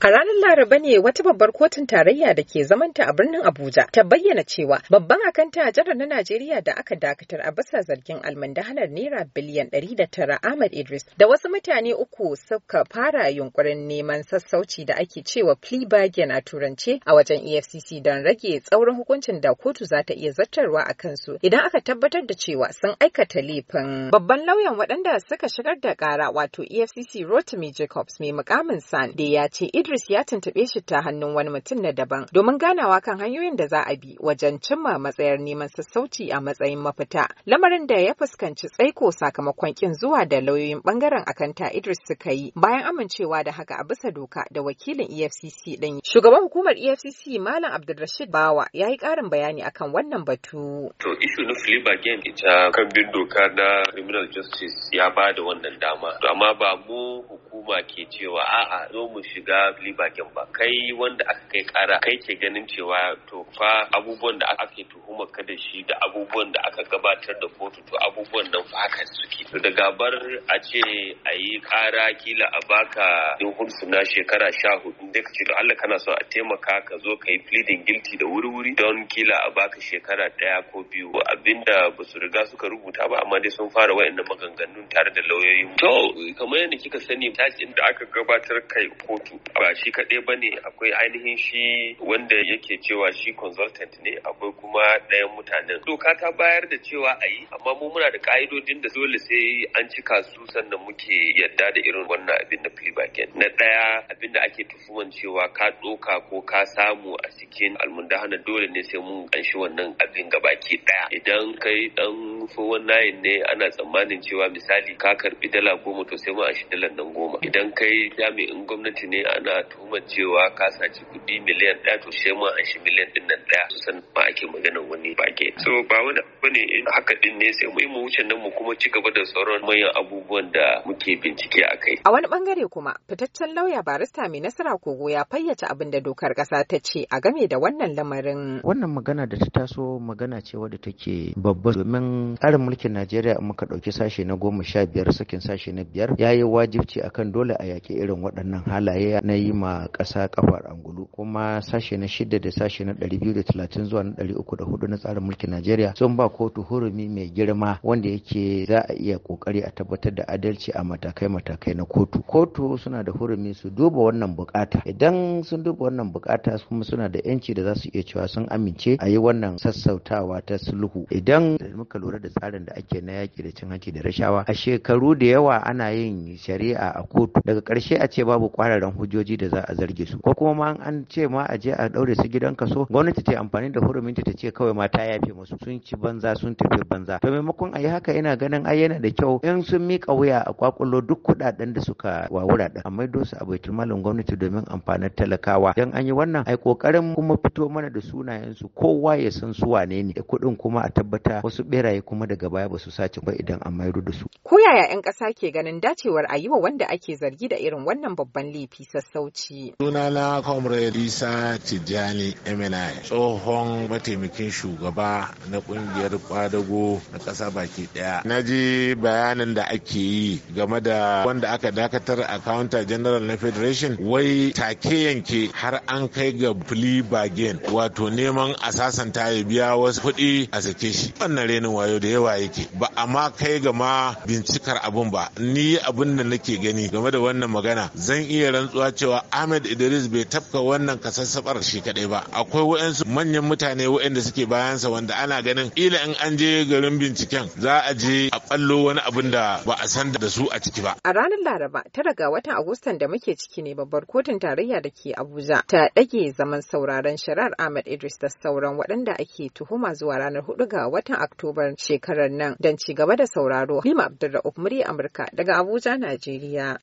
A ranar Laraba ne wata babbar kotun tarayya da ke zamanta a birnin Abuja ta bayyana cewa babban akanta jarar na Najeriya da aka dakatar a bisa zargin hanar naira biliyan 109 Ahmad Idris da wasu mutane uku suka fara yunkurin neman sassauci da ake cewa plea bargain a turance a wajen EFCC don rage tsaurin hukuncin da kotu za ta iya zartarwa a kansu idan aka tabbatar da cewa sun aikata laifin. Babban lauyan waɗanda suka shigar da ƙara wato EFCC Rotimi Jacobs mai mukamin San da ya ce Idris ya tuntuɓe shi ta hannun wani mutum na daban domin ganawa kan hanyoyin da za a bi wajen cimma matsayar neman sassauci a matsayin mafita. Lamarin da ya fuskanci tsaiko sakamakon kin zuwa da lauyoyin bangaren akanta Idris suka yi bayan amincewa da haka a bisa doka da wakilin EFCC ɗin. Shugaban hukumar EFCC Malam Abdulrashid Bawa ya yi ƙarin bayani akan wannan batu. To ishu na Filiba Gen ita kan bin doka na Criminal Justice ya ba da wannan dama. To amma ba mu al'umma ke cewa a'a zo mu shiga libagen ba kai wanda aka kai kara kai ke ganin cewa to fa abubuwan da ake tuhu tuhumar da shi da abubuwan da aka gabatar da kotu to abubuwan nan fa haka suke to da gabar a ce a yi kara kila a baka din hulsu na shekara sha hudu da ka ce to Allah kana so a taimaka ka zo ka yi pleading guilty da wuri-wuri don kila a baka shekara daya ko biyu abinda ba su riga suka rubuta ba amma dai sun fara wayannan maganganun tare da lauyoyin to kamar yadda kika sani tashin da aka gabatar kai kotu ba shi kadai bane akwai ainihin shi wanda yake cewa shi consultant ne akwai kuma ɗayan mutanen doka ta bayar da cewa a yi amma mu muna da ka'idodin da dole sai an cika su sannan muke yadda da irin wannan abin da plibagen na ɗaya abin da ake tufuman cewa ka ɗoka ko ka samu a cikin almundahana dole ne sai mun ƙanshi wannan abin gabaki ɗaya idan kai ɗan fowon nayin ne ana tsammanin cewa misali ka karbi dala goma to sai mu a shi dalan nan goma idan kai jami'in gwamnati ne ana tuhumar cewa ka saci kuɗi miliyan ɗaya to sai mu a shi miliyan ɗin nan ɗaya sannan ma ake maganar wani wani baki. so ba wani abu ne in haka din ne sai mu yi mu wuce nan mu kuma ci gaba da tsaron manyan abubuwan da muke bincike a kai a wani bangare kuma fitaccen lauya barista mai nasara kogo ya fayyace abin da dokar kasa ta ce a game da wannan lamarin wannan magana da ta taso magana ce wadda take babba domin tsarin mulkin Najeriya in muka ɗauki sashe na goma sha biyar sakin sashe na biyar ya yi wajibci akan dole a yaƙi irin waɗannan halaye na yi ma ƙasa kafar angulu kuma sashe na shida da sashe na ɗari biyu da talatin zuwa na ɗari uku da hudu na tsarin mulkin Najeriya sun ba kotu hurumi mai girma wanda yake za a iya kokari a tabbatar da adalci a matakai-matakai na kotu. Kotu suna da hurumi su duba wannan bukata. Idan sun duba wannan bukata kuma suna da yanci da za su iya cewa sun amince a yi wannan sassautawa ta sulhu. Idan muka lura da tsarin da ake na yaki da cin hanci da rashawa a shekaru da yawa ana yin shari'a a kotu daga ƙarshe a ce babu kwararan hujjoji da za a zarge su ko kuma ma an ce ma a je a daure su gidan kaso gwamnati ta yi amfani da hurumin ta ce kawai Mata ta yafe musu sun ci banza sun tafi banza to maimakon a yi haka yana ganin ai yana da kyau Yan sun mika wuya a kwakulo duk kuɗaɗen da suka wawura A amma dosu a baitul malin gwamnati domin amfanin talakawa dan an yi wannan ai kokarin kuma fito mana da sunayen su kowa ya san su wane ne kuɗin kuma a tabbata wasu beraye kuma daga baya ba su sace ba idan an mayar da su ko yaya 'yan ƙasa ke ganin dacewar a yi wa wanda ake zargi da irin wannan babban laifi sassauci sunana comrade isa tijjani mni tsohon mataimakin shugaba na kungiyar kwadago na ƙasa baki ɗaya. Na ji bayanin da ake yi game da wanda aka dakatar a counter general na federation wai take yanke har an kai ga plea bargain wato neman a sasanta ya biya wasu kuɗi a sake shi. Wannan renin wayo da yawa yake ba a ma kai ga ma bincikar abin ba ni abin da nake gani game da wannan magana zan iya rantsuwa cewa Ahmed Idris bai tafka wannan kasassabar shi kadai ba akwai wayansu manyan mutane wayanda suke bayansa wanda ana ganin ila in an je garin binciken za a je a ɓallo wani abin da ba a san da su a ciki ba. A ranar Laraba tara ga watan Agustan da muke ciki ne babbar kotun tarayya da ke Abuja ta ɗage zaman sauraron shari'ar Ahmad Idris da sauran waɗanda ake tuhuma zuwa ranar hudu ga watan Oktobar shekarar nan don ci gaba da sauraro. Lima Abdulrahman murya Amurka daga Abuja, Najeriya.